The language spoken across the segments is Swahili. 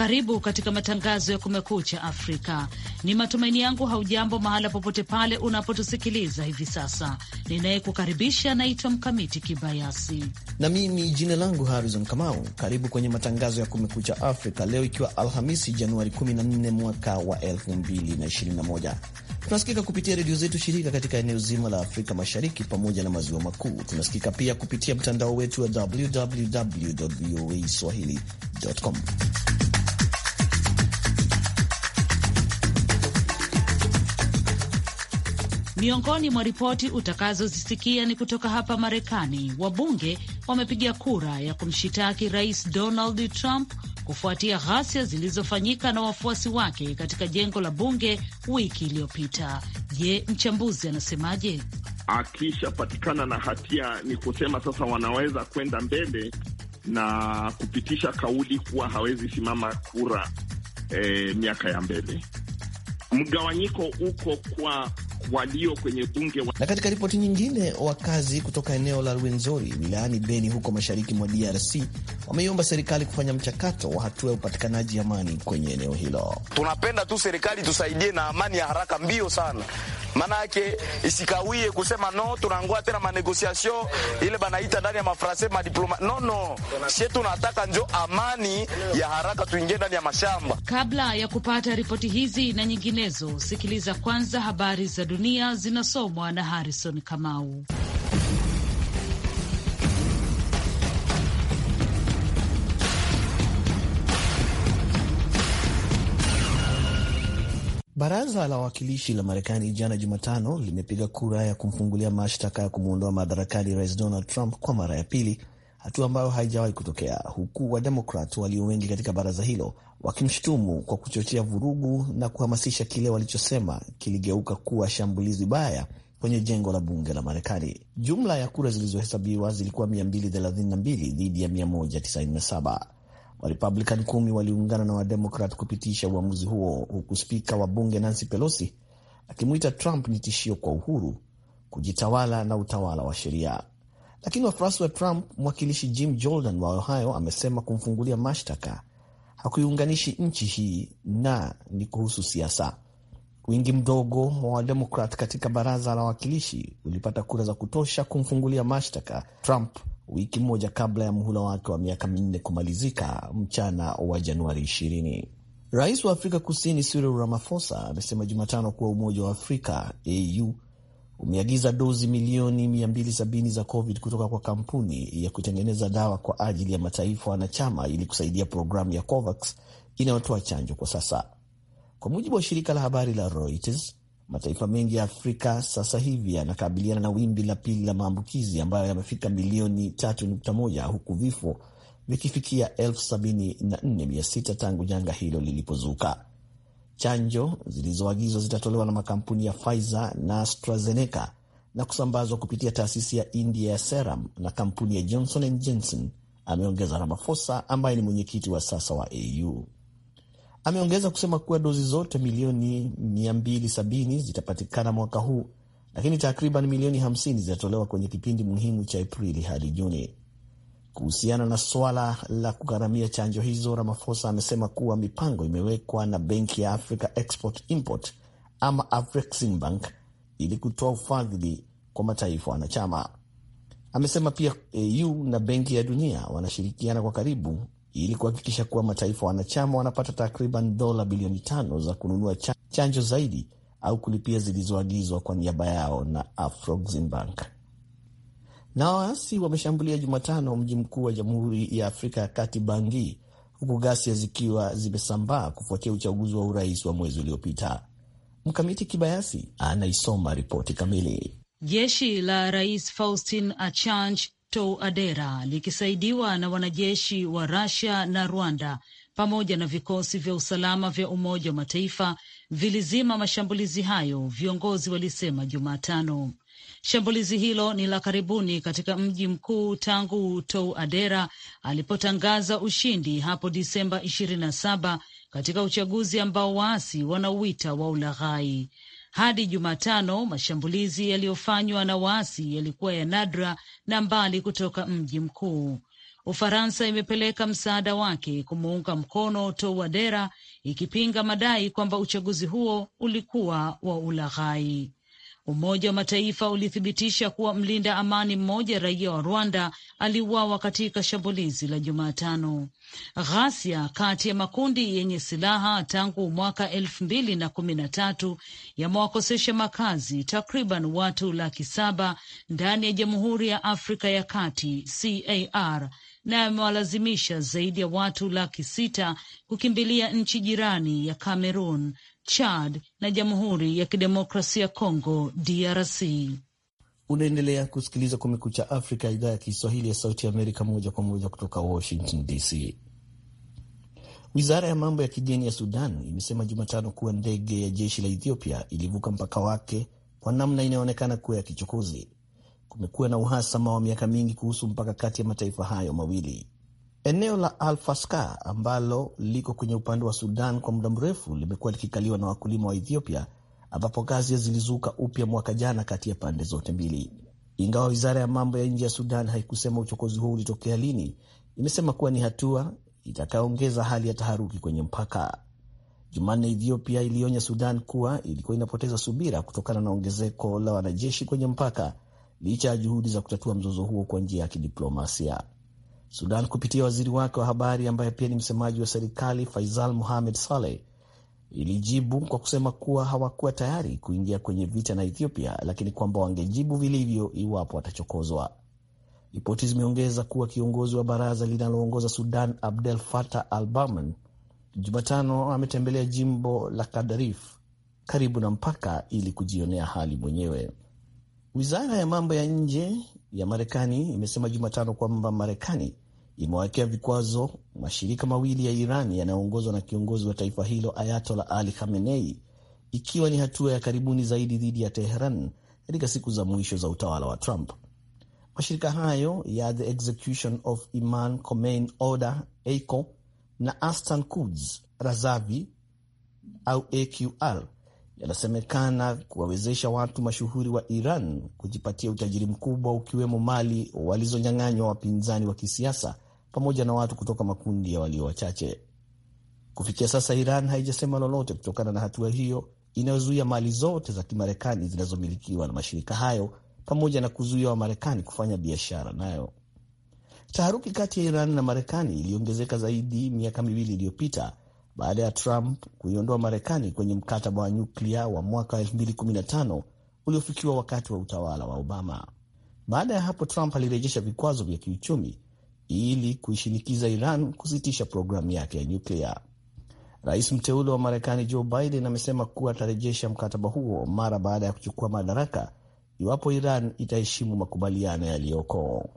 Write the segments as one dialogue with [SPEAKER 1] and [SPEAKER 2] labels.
[SPEAKER 1] Karibu katika matangazo ya Kumekucha Afrika. Ni matumaini yangu haujambo mahala popote pale unapotusikiliza hivi sasa. Ninayekukaribisha naitwa Mkamiti Kibayasi
[SPEAKER 2] na mimi jina langu Harrison Kamau. Karibu kwenye matangazo ya Kumekucha Afrika leo, ikiwa Alhamisi Januari 14 mwaka wa 2021. Tunasikika kupitia redio zetu shirika katika eneo zima la Afrika Mashariki pamoja na maziwa makuu. Tunasikika pia kupitia mtandao wetu wa www voa swahili.com.
[SPEAKER 1] Miongoni mwa ripoti utakazozisikia ni kutoka hapa Marekani. Wabunge wamepiga kura ya kumshitaki Rais Donald Trump kufuatia ghasia zilizofanyika na wafuasi wake katika jengo la bunge wiki iliyopita. Je, mchambuzi anasemaje?
[SPEAKER 3] Akishapatikana na hatia, ni kusema sasa wanaweza kwenda mbele na kupitisha kauli kuwa hawezi simama kura e, miaka ya mbele. Mgawanyiko uko kwa walio kwenye bunge wa...
[SPEAKER 2] Na katika ripoti nyingine, wakazi kutoka eneo la Rwenzori wilayani Beni huko mashariki mwa DRC wameiomba serikali kufanya mchakato wa hatua ya upatikanaji amani kwenye eneo hilo.
[SPEAKER 4] Tunapenda tu serikali tusaidie na amani ya haraka mbio sana, yake isikawie kusema no, tunangoa tena manegosiasio ile banaita ndani ya mafrase madiploma no, no. Shie tunataka njo amani ya haraka, tuingie ndani ya mashamba.
[SPEAKER 1] Kabla ya kupata ripoti hizi na nyinginezo, sikiliza kwanza habari za dunia zinasomwa na Harrison Kamau.
[SPEAKER 2] Baraza la Wawakilishi la Marekani jana Jumatano limepiga kura ya kumfungulia mashtaka ya kumwondoa madarakani Rais Donald Trump kwa mara ya pili, hatua ambayo haijawahi kutokea, huku Wademokrat walio wengi katika baraza hilo wakimshutumu kwa kuchochea vurugu na kuhamasisha kile walichosema kiligeuka kuwa shambulizi baya kwenye jengo la bunge la Marekani. Jumla ya kura zilizohesabiwa zilikuwa 232 dhidi ya 197. Warepublican kumi waliungana na Wademokrat kupitisha uamuzi huo, huku spika wa bunge Nancy Pelosi akimwita Trump ni tishio kwa uhuru, kujitawala na utawala wa sheria. Lakini wafuasi wa Trump, mwakilishi Jim Jordan wa Ohio amesema kumfungulia mashtaka hakuiunganishi nchi hii na ni kuhusu siasa. Wingi mdogo wa Wademokrat katika baraza la wawakilishi ulipata kura za kutosha kumfungulia mashtaka Trump wiki moja kabla ya muhula wake wa miaka minne kumalizika mchana wa Januari 20. Rais wa Afrika Kusini Cyril Ramaphosa amesema Jumatano kuwa Umoja wa Afrika AU umeagiza dozi milioni 270 za COVID kutoka kwa kampuni ya kutengeneza dawa kwa ajili ya mataifa wanachama ili kusaidia programu ya COVAX inayotoa chanjo kwa sasa, kwa mujibu wa shirika la habari la Reuters. Mataifa mengi ya Afrika sasa hivi yanakabiliana na wimbi la pili la maambukizi ambayo yamefika milioni 3.1 huku vifo vikifikia elfu sabini na nne mia sita tangu janga hilo lilipozuka. Chanjo zilizoagizwa zitatolewa na makampuni ya Pfizer na AstraZeneca na kusambazwa kupitia taasisi ya India ya Serum na kampuni ya Johnson and Johnson, ameongeza Ramaphosa ambaye ni mwenyekiti wa sasa wa AU. Ameongeza kusema kuwa dozi zote milioni 270 zitapatikana mwaka huu, lakini takriban milioni 50 zitatolewa kwenye kipindi muhimu cha Aprili hadi Juni. Kuhusiana na swala la kugharamia chanjo hizo, ramafosa amesema kuwa mipango imewekwa na benki ya Africa Export Import ama Afreximbank ili kutoa ufadhili kwa mataifa wanachama. Amesema pia AU e na Benki ya Dunia wanashirikiana kwa karibu ili kuhakikisha kuwa mataifa wanachama wanapata takriban dola bilioni tano za kununua chanjo zaidi au kulipia zilizoagizwa kwa niaba yao na Afroximbank. Na waasi wameshambulia Jumatano mji mkuu wa Jamhuri ya Afrika ya Kati, bangi huku ghasia zikiwa zimesambaa kufuatia uchaguzi wa urais wa mwezi uliopita. Mkamiti Kibayasi anaisoma ripoti kamili.
[SPEAKER 1] Jeshi la Rais Faustin achange Tou Adera likisaidiwa na wanajeshi wa rasia na Rwanda pamoja na vikosi vya usalama vya Umoja wa Mataifa vilizima mashambulizi hayo, viongozi walisema Jumatano. Shambulizi hilo ni la karibuni katika mji mkuu tangu Tou Adera alipotangaza ushindi hapo Disemba 27 katika uchaguzi ambao waasi wanauita wa ulaghai. Hadi Jumatano, mashambulizi yaliyofanywa na waasi yalikuwa ya nadra na mbali kutoka mji mkuu. Ufaransa imepeleka msaada wake kumuunga mkono Touadera, ikipinga madai kwamba uchaguzi huo ulikuwa wa ulaghai. Umoja wa Mataifa ulithibitisha kuwa mlinda amani mmoja raia wa Rwanda aliuawa katika shambulizi la Jumatano. Ghasia kati ya makundi yenye silaha tangu mwaka elfu mbili na kumi na tatu yamewakosesha makazi takriban watu laki saba ndani ya Jamhuri ya Afrika ya Kati CAR na amewalazimisha zaidi ya watu laki sita kukimbilia nchi jirani ya Cameroon, Chad na Jamhuri ya Kidemokrasia ya Congo, DRC.
[SPEAKER 2] Unaendelea kusikiliza Kumekucha Afrika, idhaa ya Kiswahili ya Sauti ya Amerika, moja kwa moja kutoka Washington DC. Wizara ya mambo ya kigeni ya Sudan imesema Jumatano kuwa ndege ya jeshi la Ethiopia ilivuka mpaka wake kwa namna inayoonekana kuwa ya kichokozi kumekuwa na uhasama wa miaka mingi kuhusu mpaka kati ya mataifa hayo mawili. Eneo la Alfaska ambalo liko kwenye upande wa Sudan kwa muda mrefu limekuwa likikaliwa na wakulima wa Ethiopia, ambapo ghasia zilizuka upya mwaka jana kati ya pande zote mbili. Ingawa wizara ya mambo ya nje ya Sudan haikusema uchokozi huo ulitokea lini, imesema kuwa ni hatua itakayoongeza hali ya taharuki kwenye mpaka. Jumanne, Ethiopia ilionya Sudan kuwa ilikuwa inapoteza subira kutokana na ongezeko la wanajeshi kwenye mpaka licha ya juhudi za kutatua mzozo huo kwa njia ya kidiplomasia. Sudan kupitia waziri wake wa habari ambaye pia ni msemaji wa serikali Faisal muhamed Saleh ilijibu kwa kusema kuwa hawakuwa tayari kuingia kwenye vita na Ethiopia, lakini kwamba wangejibu vilivyo iwapo watachokozwa. Ripoti zimeongeza kuwa kiongozi wa baraza linaloongoza Sudan Abdel Fattah al-Burhan Jumatano ametembelea jimbo la Kadarif karibu na mpaka ili kujionea hali mwenyewe. Wizara ya mambo ya nje ya Marekani imesema Jumatano kwamba Marekani imewawekea vikwazo mashirika mawili ya Iran yanayoongozwa na kiongozi wa taifa hilo Ayatola Ali Khamenei, ikiwa ni hatua ya karibuni zaidi dhidi ya Teheran katika siku za mwisho za utawala wa Trump. Mashirika hayo ya The Execution of Iman Khomeini Order EICO na Astan Quds Razavi au AQR yanasemekana kuwawezesha watu mashuhuri wa Iran kujipatia utajiri mkubwa ukiwemo mali walizonyang'anywa wapinzani wa kisiasa pamoja na watu kutoka makundi ya walio wachache. Kufikia sasa, Iran haijasema lolote kutokana na hatua hiyo inayozuia mali zote za Kimarekani zinazomilikiwa na mashirika hayo pamoja na kuzuia Wamarekani kufanya biashara nayo. Taharuki kati ya Iran na Marekani iliongezeka zaidi miaka miwili iliyopita baada ya Trump kuiondoa Marekani kwenye mkataba wa nyuklia wa mwaka 2015 uliofikiwa wakati wa utawala wa Obama. Baada ya hapo, Trump alirejesha vikwazo vya kiuchumi ili kuishinikiza Iran kusitisha programu yake ya nyuklia. Rais mteule wa Marekani Joe Biden amesema kuwa atarejesha mkataba huo mara baada ya kuchukua madaraka iwapo Iran itaheshimu makubaliano yaliyoko.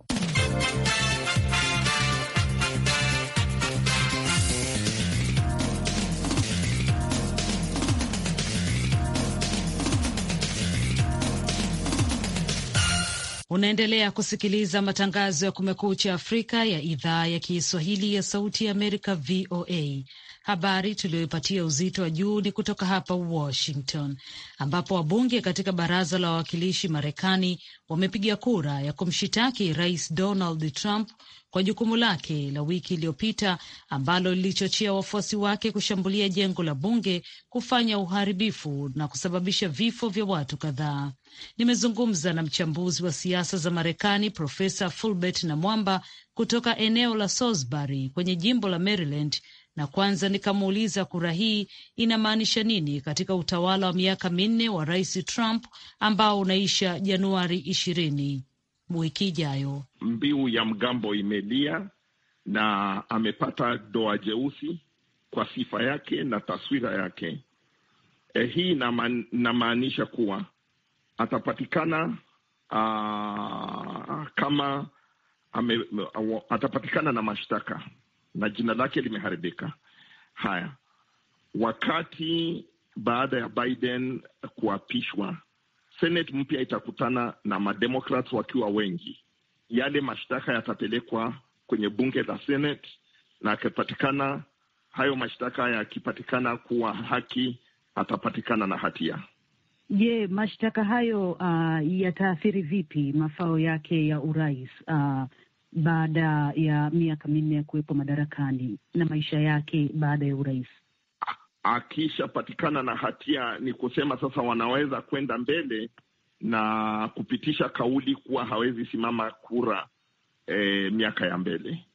[SPEAKER 1] Unaendelea kusikiliza matangazo ya Kumekucha Afrika ya idhaa ya Kiswahili ya Sauti ya Amerika, VOA, Habari tuliyoipatia uzito wa juu ni kutoka hapa Washington, ambapo wabunge katika baraza la wawakilishi Marekani wamepiga kura ya kumshitaki Rais Donald Trump kwa jukumu lake la wiki iliyopita ambalo lilichochea wafuasi wake kushambulia jengo la bunge, kufanya uharibifu na kusababisha vifo vya watu kadhaa. Nimezungumza na mchambuzi wa siasa za Marekani Profesa Fulbert namwamba kutoka eneo la Salisbury kwenye jimbo la Maryland na kwanza nikamuuliza kura hii inamaanisha nini katika utawala wa miaka minne wa Rais Trump ambao unaisha Januari ishirini wiki ijayo.
[SPEAKER 3] Mbiu ya mgambo imelia na amepata doa jeusi kwa sifa yake na taswira yake. E, hii inamaanisha kuwa atapatikana aa, kama ame, atapatikana na mashtaka na jina lake limeharibika. Haya, wakati baada ya Biden kuapishwa, Senate mpya itakutana na mademokrat wakiwa wengi, yale mashtaka yatapelekwa kwenye bunge la Senate na akipatikana, hayo mashtaka yakipatikana kuwa haki, atapatikana na hatia.
[SPEAKER 1] Je, mashtaka hayo uh, yataathiri vipi mafao yake ya urais uh, baada ya miaka minne ya kuwepo madarakani na maisha yake baada ya urais.
[SPEAKER 3] Akishapatikana na hatia, ni kusema sasa wanaweza kwenda mbele na kupitisha kauli kuwa hawezi simama kura e, miaka ya mbele.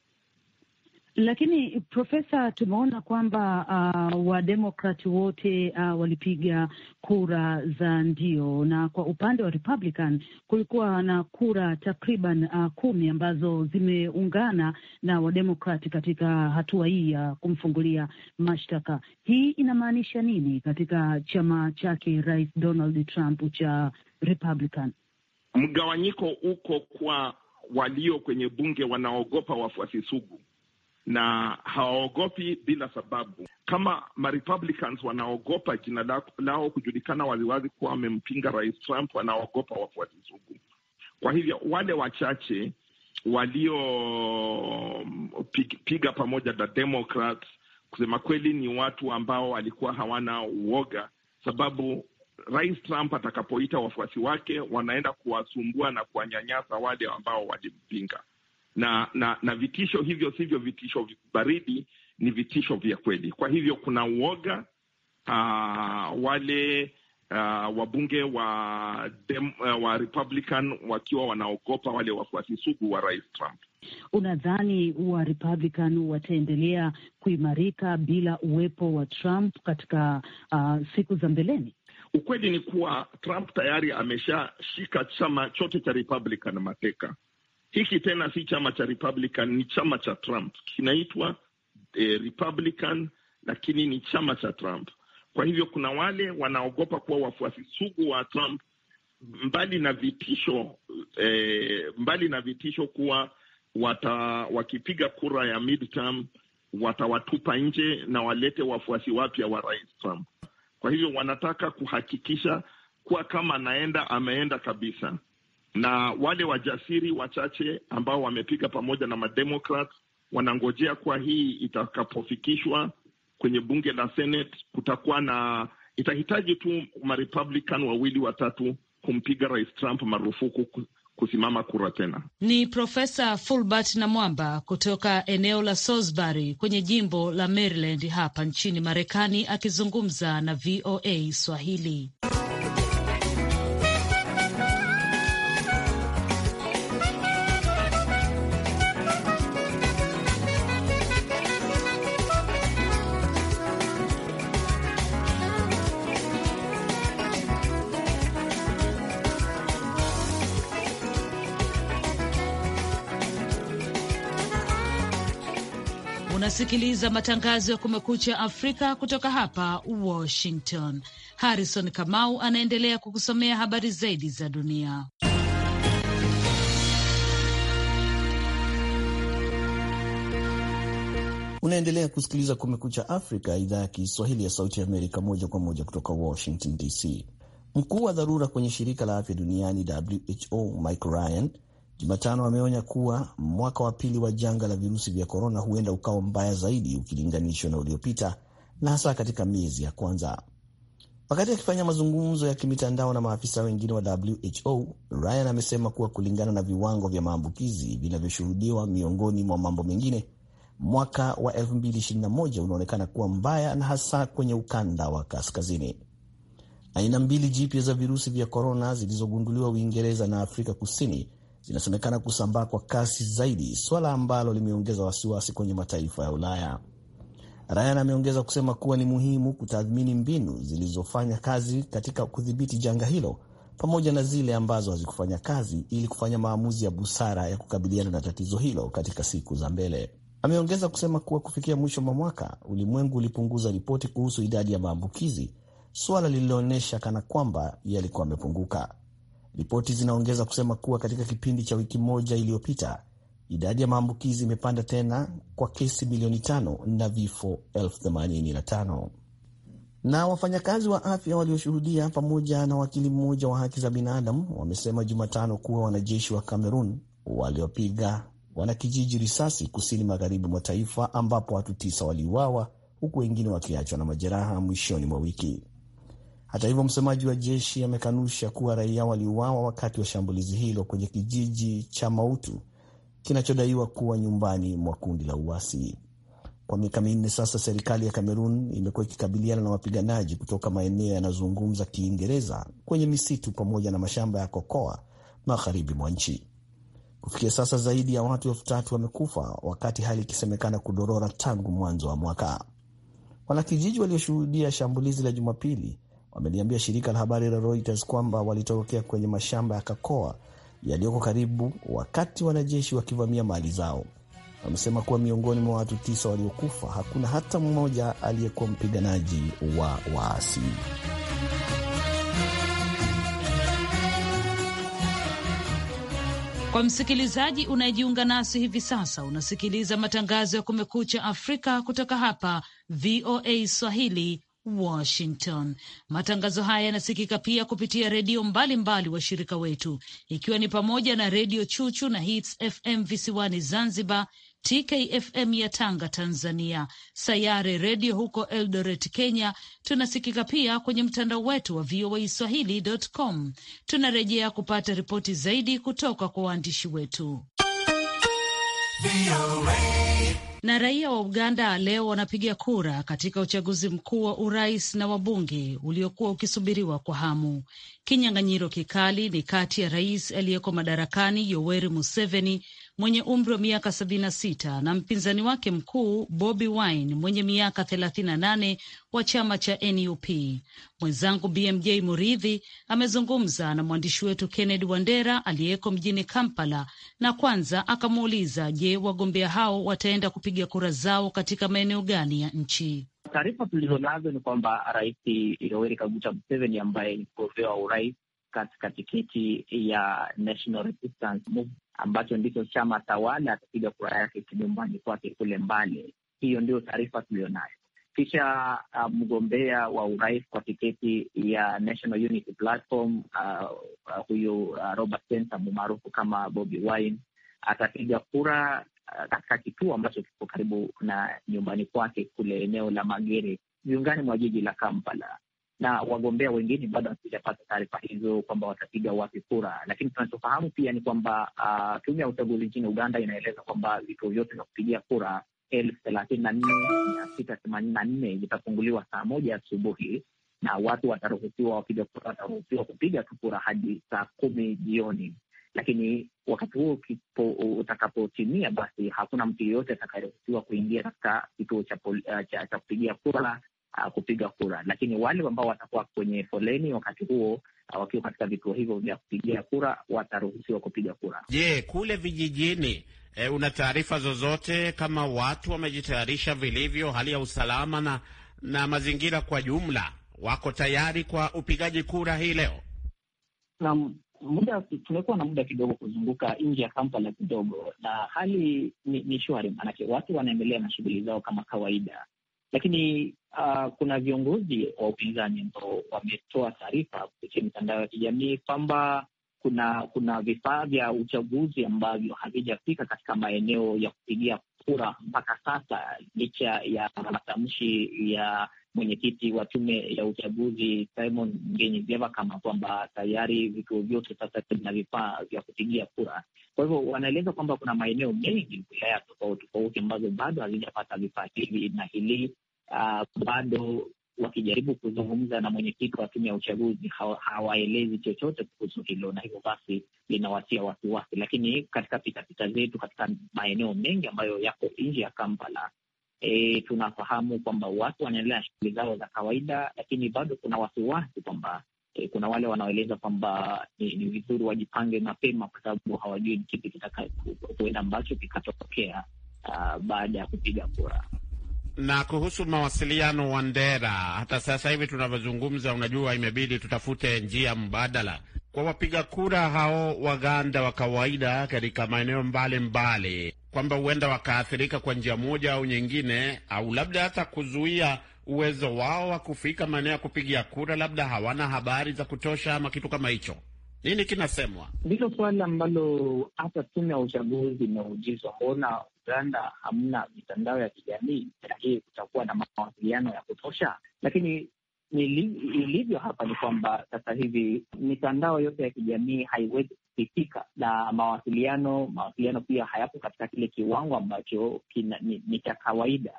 [SPEAKER 1] Lakini Profesa, tumeona kwamba uh, wademokrati wote uh, walipiga kura za ndio, na kwa upande wa Republican kulikuwa na kura takriban uh, kumi ambazo zimeungana na wademokrati katika hatua hii ya kumfungulia mashtaka. Hii inamaanisha nini katika chama chake Rais Donald Trump cha Republican?
[SPEAKER 3] Mgawanyiko uko kwa walio kwenye bunge wanaogopa wafuasi sugu na hawaogopi bila sababu. Kama marepublicans wanaogopa jina lao kujulikana waziwazi kuwa wamempinga Rais Trump, wanaogopa wafuasi sugu. Kwa hivyo wale wachache waliopiga mm, pamoja na Democrats, kusema kweli, ni watu ambao walikuwa hawana uoga, sababu Rais Trump atakapoita wafuasi wake wanaenda kuwasumbua na kuwanyanyasa wale ambao walimpinga na, na, na vitisho hivyo sivyo vitisho baridi, ni vitisho vya kweli. Kwa hivyo kuna uoga uh, wale Uh, wabunge wa dem, uh, wa Republican wakiwa wanaogopa wale wafuasi sugu wa Rais Trump.
[SPEAKER 1] Unadhani wa Republican wataendelea kuimarika bila uwepo wa Trump katika uh, siku za mbeleni?
[SPEAKER 3] Ukweli ni kuwa Trump tayari ameshashika chama chote cha Republican mateka. Hiki tena si chama cha Republican, ni chama cha Trump. Kinaitwa eh, Republican, lakini ni chama cha Trump. Kwa hivyo kuna wale wanaogopa kuwa wafuasi sugu wa Trump, mbali na vitisho eh, mbali na vitisho kuwa wata, wakipiga kura ya midterm watawatupa nje na walete wafuasi wapya wa rais Trump. Kwa hivyo wanataka kuhakikisha kuwa kama anaenda ameenda kabisa na wale wajasiri wachache ambao wamepiga pamoja na mademokrat wanangojea kuwa hii itakapofikishwa kwenye bunge la Senate kutakuwa na itahitaji tu marepublican wawili watatu kumpiga Rais Trump marufuku kusimama kura tena. Ni
[SPEAKER 1] Profesa Fulbert na Mwamba kutoka eneo la Salisbury kwenye jimbo la Maryland hapa nchini Marekani akizungumza na VOA Swahili. Unasikiliza matangazo ya Kumekucha Afrika kutoka hapa Washington. Harrison Kamau anaendelea kukusomea habari zaidi za dunia.
[SPEAKER 2] Unaendelea kusikiliza Kumekucha Afrika, idhaa ya Kiswahili ya Sauti ya Amerika, moja kwa moja kutoka Washington DC. Mkuu wa dharura kwenye shirika la afya duniani WHO Mike Ryan Jumatano ameonya kuwa mwaka wa pili wa janga la virusi vya korona huenda ukawa mbaya zaidi ukilinganishwa na uliopita na hasa katika miezi ya kwanza. Wakati akifanya mazungumzo ya kimitandao na maafisa wengine wa WHO, Ryan amesema kuwa kulingana na viwango vya maambukizi vinavyoshuhudiwa, miongoni mwa mambo mengine, mwaka wa 2021 unaonekana kuwa mbaya na hasa kwenye ukanda wa kaskazini. Aina mbili jipya za virusi vya korona zilizogunduliwa Uingereza na Afrika Kusini zinasemekana kusambaa kwa kasi zaidi, swala ambalo limeongeza wasiwasi kwenye mataifa ya Ulaya. Ryan ameongeza kusema kuwa ni muhimu kutathmini mbinu zilizofanya kazi katika kudhibiti janga hilo pamoja na zile ambazo hazikufanya kazi ili kufanya maamuzi ya busara ya kukabiliana na tatizo hilo katika siku za mbele. Ameongeza kusema kuwa kufikia mwisho mwa mwaka ulimwengu ulipunguza ripoti kuhusu idadi ya maambukizi, suala lililoonyesha kana kwamba yalikuwa amepunguka Ripoti zinaongeza kusema kuwa katika kipindi cha wiki moja iliyopita idadi ya maambukizi imepanda tena kwa kesi milioni tano na vifo elfu themanini na tano. Na wafanyakazi wa afya walioshuhudia pamoja na wakili mmoja wa haki za binadamu wamesema Jumatano kuwa wanajeshi wa Cameroon waliopiga wanakijiji risasi kusini magharibi mwa taifa ambapo watu tisa waliuawa huku wengine wakiachwa na majeraha mwishoni mwa wiki. Hata hivyo, msemaji wa jeshi amekanusha kuwa raia waliuawa wakati wa shambulizi hilo kwenye kijiji cha Mautu kinachodaiwa kuwa nyumbani mwa kundi la uasi. Kwa miaka minne sasa, serikali ya Kamerun imekuwa ikikabiliana na wapiganaji kutoka maeneo yanazungumza Kiingereza kwenye misitu pamoja na mashamba ya kokoa magharibi mwa nchi. Kufikia sasa zaidi ya watu elfu tatu wamekufa wakati hali ikisemekana kudorora tangu mwanzo wa mwaka. Wanakijiji walioshuhudia shambulizi la Jumapili wameliambia shirika la habari la Reuters kwamba walitorokea kwenye mashamba ya kakoa yaliyoko karibu wakati wanajeshi wakivamia mali zao. Wamesema kuwa miongoni mwa watu tisa waliokufa hakuna hata mmoja aliyekuwa mpiganaji wa waasi.
[SPEAKER 1] Kwa msikilizaji unayejiunga nasi hivi sasa, unasikiliza matangazo ya Kumekucha Afrika kutoka hapa VOA Swahili, Washington. Matangazo haya yanasikika pia kupitia redio mbalimbali washirika wetu, ikiwa ni pamoja na redio Chuchu na Hits FM visiwani Zanzibar, TKFM ya Tanga Tanzania, Sayare redio huko Eldoret Kenya. Tunasikika pia kwenye mtandao wetu wa VOA Swahili.com. Tunarejea kupata ripoti zaidi kutoka kwa waandishi wetu. VOA. Na raia wa Uganda leo wanapiga kura katika uchaguzi mkuu wa urais na wabunge uliokuwa ukisubiriwa kwa hamu. Kinyang'anyiro kikali ni kati ya rais aliyeko madarakani Yoweri Museveni mwenye umri wa miaka 76 na mpinzani wake mkuu Bobi Wine mwenye miaka 38 wa chama cha NUP. Mwenzangu BMJ Muridhi amezungumza na mwandishi wetu Kennedy Wandera aliyeko mjini Kampala, na kwanza akamuuliza, je, wagombea hao wataenda kupiga kura zao katika maeneo gani ya
[SPEAKER 5] nchi? Taarifa nazo ni kwamba Rais Yoweri Kaguta Museveni ambaye ni mgombea wa urais katika tikiti ya National Resistance ambacho ndicho chama tawala atapiga kura yake kinyumbani kwake kule mbali. Hiyo ndio taarifa tuliyonayo. Kisha uh, mgombea wa urais kwa tiketi ya National Unity Platform uh, uh, huyu uh, Robert maarufu kama Bobi Wine atapiga kura uh, katika kituo ambacho kiko karibu na nyumbani kwake kule eneo la Magere viungani mwa jiji la Kampala na wagombea wengine bado hatujapata taarifa hizo kwamba watapiga wapi kura, lakini tunachofahamu pia ni kwamba uh, tume ya uchaguzi nchini Uganda inaeleza kwamba vituo vyote vya kupigia kura elfu thelathini na nne mia sita themanini na nne vitafunguliwa saa moja asubuhi na watu wataruhusiwa, wapiga kura wataruhusiwa kupiga tu kura hadi saa kumi jioni, lakini wakati huo kipo utakapotimia, basi hakuna mtu yeyote atakayeruhusiwa kuingia katika kituo cha, uh, cha, cha kupigia kura uh, kupiga kura, lakini wale ambao watakuwa kwenye foleni wakati huo uh, wakiwa katika vituo hivyo vya kupigia kura wataruhusiwa kupiga kura. Je,
[SPEAKER 2] kule vijijini e, una taarifa zozote kama watu wamejitayarisha vilivyo, hali ya usalama na na mazingira kwa jumla wako tayari kwa upigaji kura hii
[SPEAKER 6] leo?
[SPEAKER 5] Naam, muda tumekuwa na muda kidogo kuzunguka nje ya Kampala kidogo, na hali ni, ni shwari, maanake watu wanaendelea na shughuli zao kama kawaida, lakini uh, kuna viongozi wa upinzani ambao wametoa taarifa kupitia mitandao ya kijamii kwamba kuna kuna vifaa vya uchaguzi ambavyo havijafika katika maeneo ya kupigia kura mpaka sasa, licha ya matamshi ya mwenyekiti wa tume ya uchaguzi Simon Ngenyizieva kama kwamba tayari vituo vyote sasa vina vifaa vya kupigia kura. Kwa hivyo wanaeleza kwamba kuna maeneo mengi, wilaya tofauti tofauti, ambazo bado hazijapata vifaa hivi, na hili uh, bado wakijaribu kuzungumza na mwenyekiti wa tume ya uchaguzi hawaelezi chochote kuhusu hilo, na hivyo basi linawatia wasiwasi. Lakini katika pitapita zetu katika maeneo mengi ambayo yako nje ya Kampala, e, tunafahamu kwamba watu wanaendelea na shughuli zao za kawaida, lakini bado kuna wasiwasi kwamba e, kuna wale wanaoeleza kwamba ni, ni vizuri wajipange mapema, kwa sababu hawajui ni kipi kitaka ambacho kikatokea uh, ah, baada ya kupiga kura.
[SPEAKER 4] Na kuhusu mawasiliano, wa ndera hata sasa hivi tunavyozungumza, unajua imebidi tutafute njia mbadala
[SPEAKER 2] kwa wapiga kura hao Waganda wa kawaida katika maeneo mbalimbali, kwamba huenda wakaathirika kwa njia moja au nyingine, au labda hata kuzuia uwezo wao wa kufika maeneo ya kupigia kura, labda hawana habari za kutosha ama kitu kama hicho. Nini kinasemwa?
[SPEAKER 5] Ndilo swali ambalo hata tume ya uchaguzi imeujizwa, mbona Uganda hamna mitandao ya kijamii, je, kutakuwa na mawasiliano ya kutosha? Lakini ilivyo hapa ni kwamba sasa hivi mitandao yote ya kijamii haiwezi kufikika na mawasiliano, mawasiliano pia hayapo katika kile kiwango ambacho ni cha kawaida.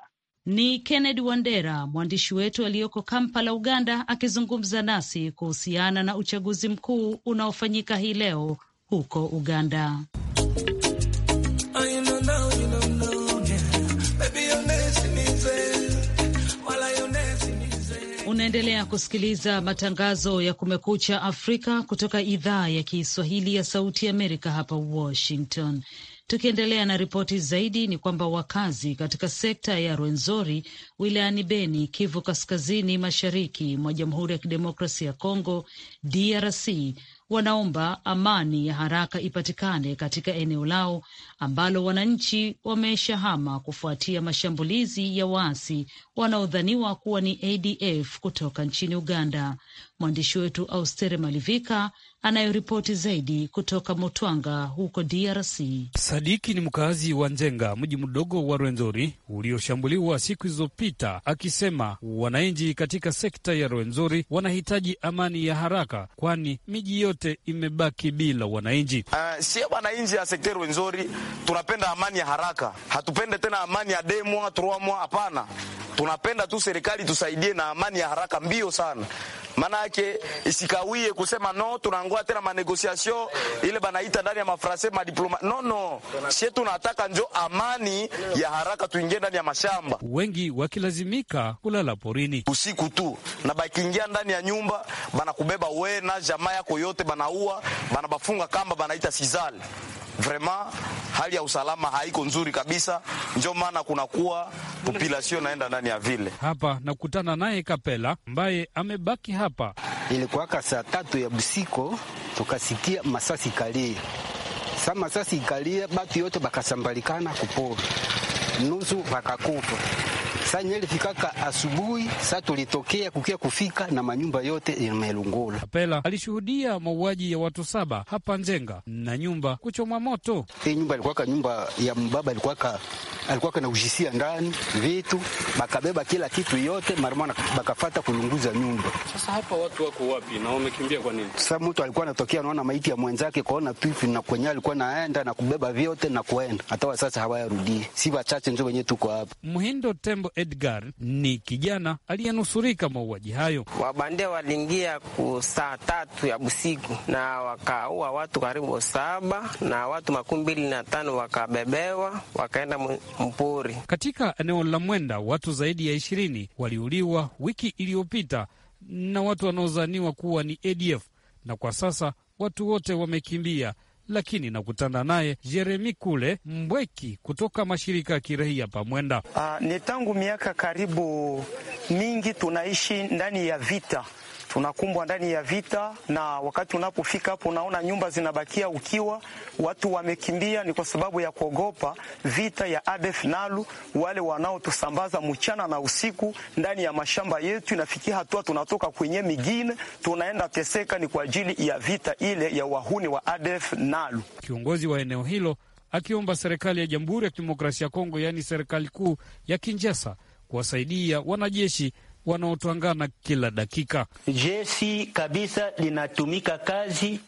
[SPEAKER 1] Ni Kennedy Wandera, mwandishi wetu aliyoko Kampala, Uganda, akizungumza nasi kuhusiana na uchaguzi mkuu unaofanyika hii leo huko Uganda. Unaendelea kusikiliza matangazo ya Kumekucha Afrika kutoka idhaa ya Kiswahili ya Sauti Amerika hapa Washington. Tukiendelea na ripoti zaidi ni kwamba wakazi katika sekta ya Rwenzori wilayani Beni, Kivu Kaskazini, mashariki mwa Jamhuri ya Kidemokrasia ya Kongo, DRC, wanaomba amani ya haraka ipatikane katika eneo lao ambalo wananchi wameshahama kufuatia mashambulizi ya waasi wanaodhaniwa kuwa ni ADF kutoka nchini Uganda. Mwandishi wetu Austere Malivika anayoripoti zaidi kutoka Mutwanga huko DRC.
[SPEAKER 6] Sadiki ni mkazi wa Njenga, mji mdogo wa Rwenzori ulioshambuliwa siku zilizopita, akisema wananchi katika sekta ya Rwenzori wanahitaji amani ya haraka, kwani miji yote yote imebaki bila wananchi.
[SPEAKER 4] Uh, sie wananchi ya sekteri wenzori tunapenda amani ya haraka, hatupende tena amani ya demwa turwamwa, hapana. Tunapenda tu serikali tusaidie na amani ya haraka mbio sana manake isikawie kusema no, tunangoa tena manegosiasio ile banaita ndani ya mafrase madiploma. No, no, sie tunataka njo amani ya haraka, tuingie ndani ya mashamba,
[SPEAKER 6] wengi wakilazimika
[SPEAKER 4] kulala porini usiku tu, na bakiingia ndani ya nyumba banakubeba we na jamaa yako yote, banaua banabafunga kamba, banaita sizal Vrema, hali ya usalama haiko nzuri kabisa, ndio maana kunakuwa populasio naenda ndani ya vile.
[SPEAKER 6] Hapa nakutana naye Kapela ambaye amebaki hapa hapa. Ilikuwaka saa tatu ya busiko, tukasikia masasi kalia, sa masasi ikalia, batu yote bakasambalikana kupora, nusu bakakufa. Sa nyeli fikaka asubuhi, sa tulitokea kukia kufika na manyumba yote imelungula. apela alishuhudia mauaji ya watu saba hapa Njenga na nyumba kuchomwa moto. Hii nyumba ilikuwaka nyumba ya mbaba ilikuwaka alikuwa ujisia ndani vitu bakabeba kila kitu yote maramana bakafata kulunguza nyumba. Sasa hapa watu wako wapi na wamekimbia kwa nini? Sasa mtu alikuwa anatokea naona maiti ya mwenzake kaona pifi na kwenye alikuwa naenda na kubeba vyote na kuenda hata sasa hawayarudii, si wachache ndio wenye tuko hapa. Mhindo Tembo Edgar ni kijana aliyenusurika mauaji hayo. Wabande waliingia ku saa tatu
[SPEAKER 7] ya busiku na wakaua watu karibu saba na watu makumi mbili na tano wakabebewa wakaenda mpori.
[SPEAKER 6] Katika eneo la Mwenda watu zaidi ya ishirini waliuliwa wiki iliyopita na watu wanaozaniwa kuwa ni ADF na kwa sasa watu wote wamekimbia lakini nakutana naye Jeremi Kule Mbweki kutoka mashirika ya kirahia Pamwenda. Uh,
[SPEAKER 4] ah, ni tangu miaka karibu mingi tunaishi ndani ya vita tunakumbwa ndani ya vita, na wakati unapofika hapo unaona nyumba zinabakia ukiwa, watu wamekimbia, ni kwa sababu ya kuogopa vita ya ADF Nalu, wale wanaotusambaza mchana na usiku ndani ya mashamba yetu. Inafikia hatua tunatoka kwenye migine tunaenda teseka, ni kwa ajili ya vita ile ya wahuni wa ADF Nalu.
[SPEAKER 6] Kiongozi wa eneo hilo akiomba serikali ya Jamhuri ya Kidemokrasia ya Kongo, yaani serikali kuu ya kinjasa kuwasaidia wanajeshi wanaotwangana kila dakika. Jeshi kabisa linatumika
[SPEAKER 4] kazi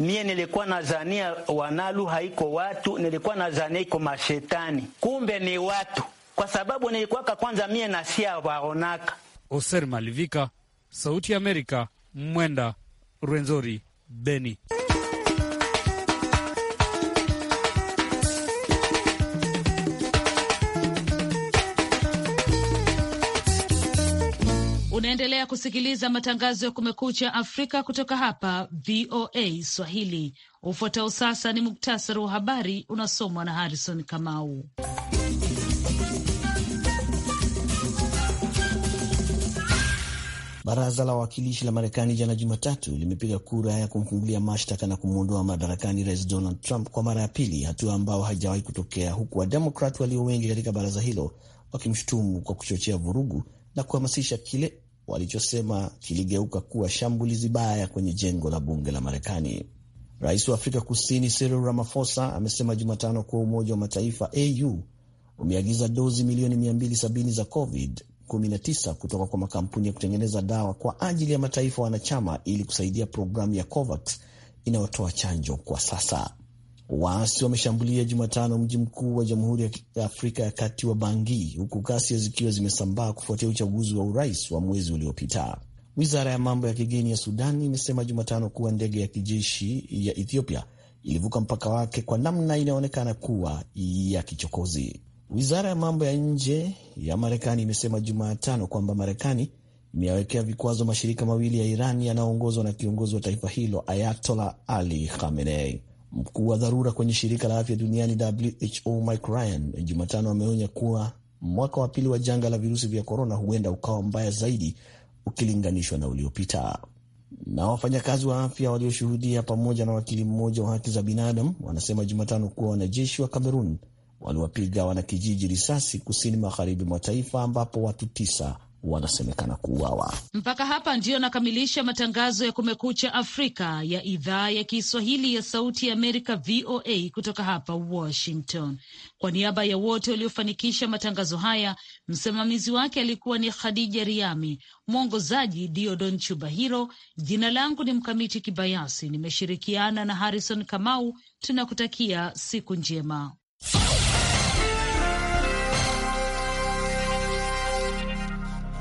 [SPEAKER 4] Mie nilikuwa nazania wanalu haiko watu, nilikuwa nazania iko mashetani, kumbe ni watu, kwa sababu nilikuwaka kwanza mie nasia
[SPEAKER 6] waonaka. Oser Malivika, Sauti ya Amerika, Mwenda Rwenzori, Beni.
[SPEAKER 1] Unaendelea kusikiliza matangazo ya Kumekucha Afrika kutoka hapa VOA Swahili. Ufuatao sasa ni muktasari wa habari unasomwa na Harrison Kamau.
[SPEAKER 2] Baraza la wawakilishi la Marekani jana Jumatatu limepiga kura ya kumfungulia mashtaka na kumwondoa madarakani rais Donald Trump kwa mara ya pili, hatua ambayo haijawahi kutokea, huku Wademokrat walio wengi katika baraza hilo wakimshutumu kwa kuchochea vurugu na kuhamasisha kile walichosema kiligeuka kuwa shambulizi baya kwenye jengo la bunge la Marekani. Rais wa Afrika Kusini Cyril Ramaphosa amesema Jumatano kuwa Umoja wa Mataifa au umeagiza dozi milioni 270 za COVID-19 kutoka kwa makampuni ya kutengeneza dawa kwa ajili ya mataifa wanachama ili kusaidia programu ya COVAX inayotoa chanjo kwa sasa. Waasi wameshambulia Jumatano mji mkuu wa Jamhuri ya Afrika ya Kati wa bangi huku ghasia zikiwa zimesambaa kufuatia uchaguzi wa urais wa mwezi uliopita. Wizara ya mambo ya kigeni ya Sudan imesema Jumatano kuwa ndege ya kijeshi ya Ethiopia ilivuka mpaka wake kwa namna inayoonekana kuwa ya kichokozi. Wizara ya mambo ya nje ya Marekani imesema Jumatano kwamba Marekani imeyawekea vikwazo mashirika mawili ya Iran yanayoongozwa na kiongozi wa taifa hilo Ayatola Ali Khamenei. Mkuu wa dharura kwenye shirika la afya duniani WHO Mike Ryan Jumatano ameonya kuwa mwaka wa pili wa janga la virusi vya korona huenda ukawa mbaya zaidi ukilinganishwa na uliopita. Na wafanyakazi wa afya walioshuhudia pamoja na wakili mmoja wa haki za binadamu wanasema Jumatano kuwa wanajeshi wa Kamerun waliwapiga wanakijiji risasi kusini magharibi mwa taifa ambapo watu tisa wanasemekana kuuawa.
[SPEAKER 1] Mpaka hapa ndiyo nakamilisha matangazo ya Kumekucha Afrika ya idhaa ya Kiswahili ya Sauti ya Amerika, VOA, kutoka hapa Washington. Kwa niaba ya wote waliofanikisha matangazo haya, msimamizi wake alikuwa ni Khadija Riami, mwongozaji Diodon Chubahiro. Jina langu ni Mkamiti Kibayasi, nimeshirikiana na Harrison Kamau. Tunakutakia siku njema.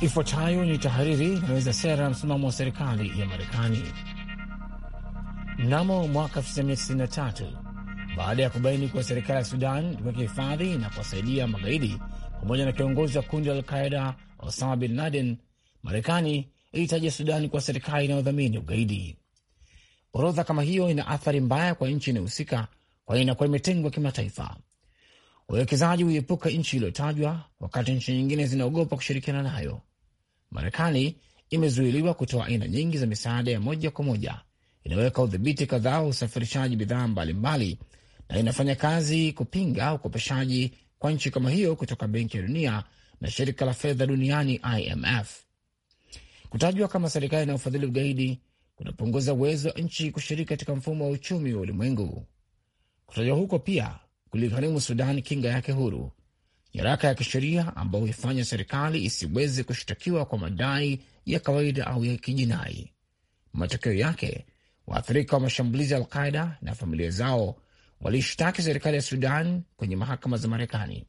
[SPEAKER 7] Ifuatayo ni tahariri inaweza sera ya msimamo wa serikali ya Marekani. Mnamo mwaka 1993 baada ya kubaini kuwa serikali ya Sudan imeweka hifadhi na kuwasaidia magaidi pamoja na kiongozi wa kundi la Alqaida Osama bin Laden, Marekani ilitaja Sudani kuwa serikali inayodhamini ugaidi. Orodha kama hiyo ina athari mbaya kwa nchi inayohusika, kwani inakuwa imetengwa kimataifa. Wawekezaji huiepuka nchi iliyotajwa, wakati nchi nyingine zinaogopa kushirikiana nayo. Marekani imezuiliwa kutoa aina nyingi za misaada ya moja kwa moja, inaweka udhibiti kadhaa wa usafirishaji bidhaa mbalimbali, na inafanya kazi kupinga ukopeshaji kwa nchi kama hiyo kutoka Benki ya Dunia na Shirika la Fedha Duniani, IMF. Kutajwa kama serikali inayofadhili ugaidi kunapunguza uwezo wa nchi kushiriki katika mfumo wa uchumi wa ulimwengu. Kutajwa huko pia kuligharimu Sudan kinga yake huru nyaraka ya kisheria ambayo huifanya serikali isiweze kushtakiwa kwa madai ya kawaida au ya kijinai. Matokeo yake, waathirika wa mashambulizi ya Alqaida na familia zao walishtaki serikali ya Sudan kwenye mahakama za Marekani.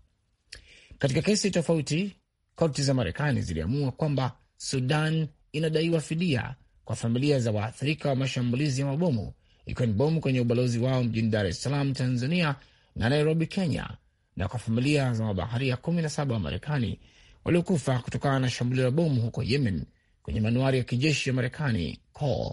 [SPEAKER 7] Katika kesi tofauti, koti za Marekani ziliamua kwamba Sudan inadaiwa fidia kwa familia za waathirika wa mashambulizi ya mabomu, ikiwa ni bomu kwenye ubalozi wao mjini Dar es Salaam, Tanzania na Nairobi, Kenya, na kwa familia za mabaharia 17 wa Marekani waliokufa kutokana na shambulio la bomu huko Yemen kwenye manuari ya kijeshi ya Marekani Call.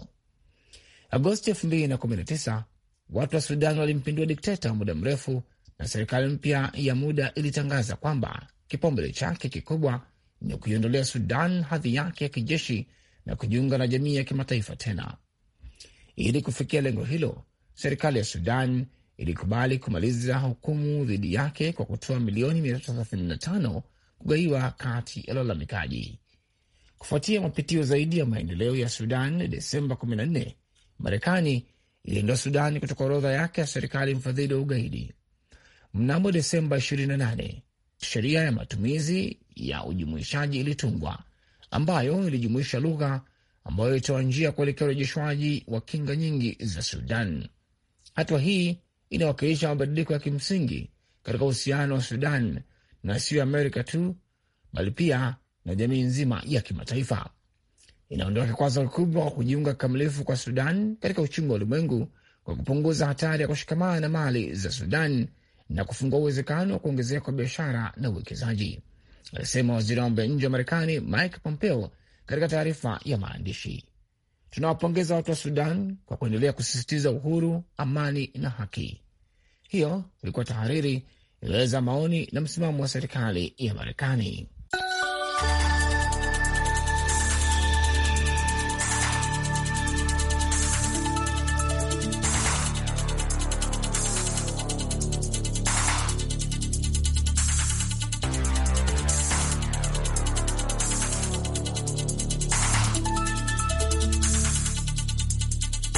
[SPEAKER 7] Agosti 219 watu wa Sudan walimpindua dikteta wa muda mrefu na serikali mpya ya muda ilitangaza kwamba kipaumbele chake kikubwa ni kuiondolea Sudan hadhi yake ya kijeshi na kujiunga na jamii ya kimataifa tena. Ili kufikia lengo hilo, serikali ya Sudan ilikubali kumaliza hukumu dhidi yake kwa kutoa milioni 335 kugaiwa kati ya lalamikaji. Kufuatia mapitio zaidi ya maendeleo ya Sudan Desemba 14, Marekani iliondoa Sudani kutoka orodha yake ya serikali mfadhili wa ugaidi. Mnamo Desemba 28, sheria ya matumizi ya ujumuishaji ilitungwa ambayo ilijumuisha lugha ambayo ilitoa njia kuelekea urejeshwaji wa kinga nyingi za Sudan. Hatua hii inawakilisha mabadiliko ya kimsingi katika uhusiano wa Sudan na siyo Amerika tu bali pia na jamii nzima ya kimataifa. Inaondoa kikwazo kikubwa kwa kujiunga kikamilifu kwa Sudan katika uchumi wa ulimwengu kwa kupunguza hatari ya kushikamana na mali za Sudan na kufungua uwezekano wa kuongezeka kwa biashara na uwekezaji, alisema waziri wa mambo ya nje wa Marekani Mike Pompeo katika taarifa ya maandishi. Tunawapongeza watu wa Sudan kwa kuendelea kusisitiza uhuru, amani na haki. Hiyo ilikuwa tahariri, ilieleza maoni na msimamo wa serikali ya Marekani.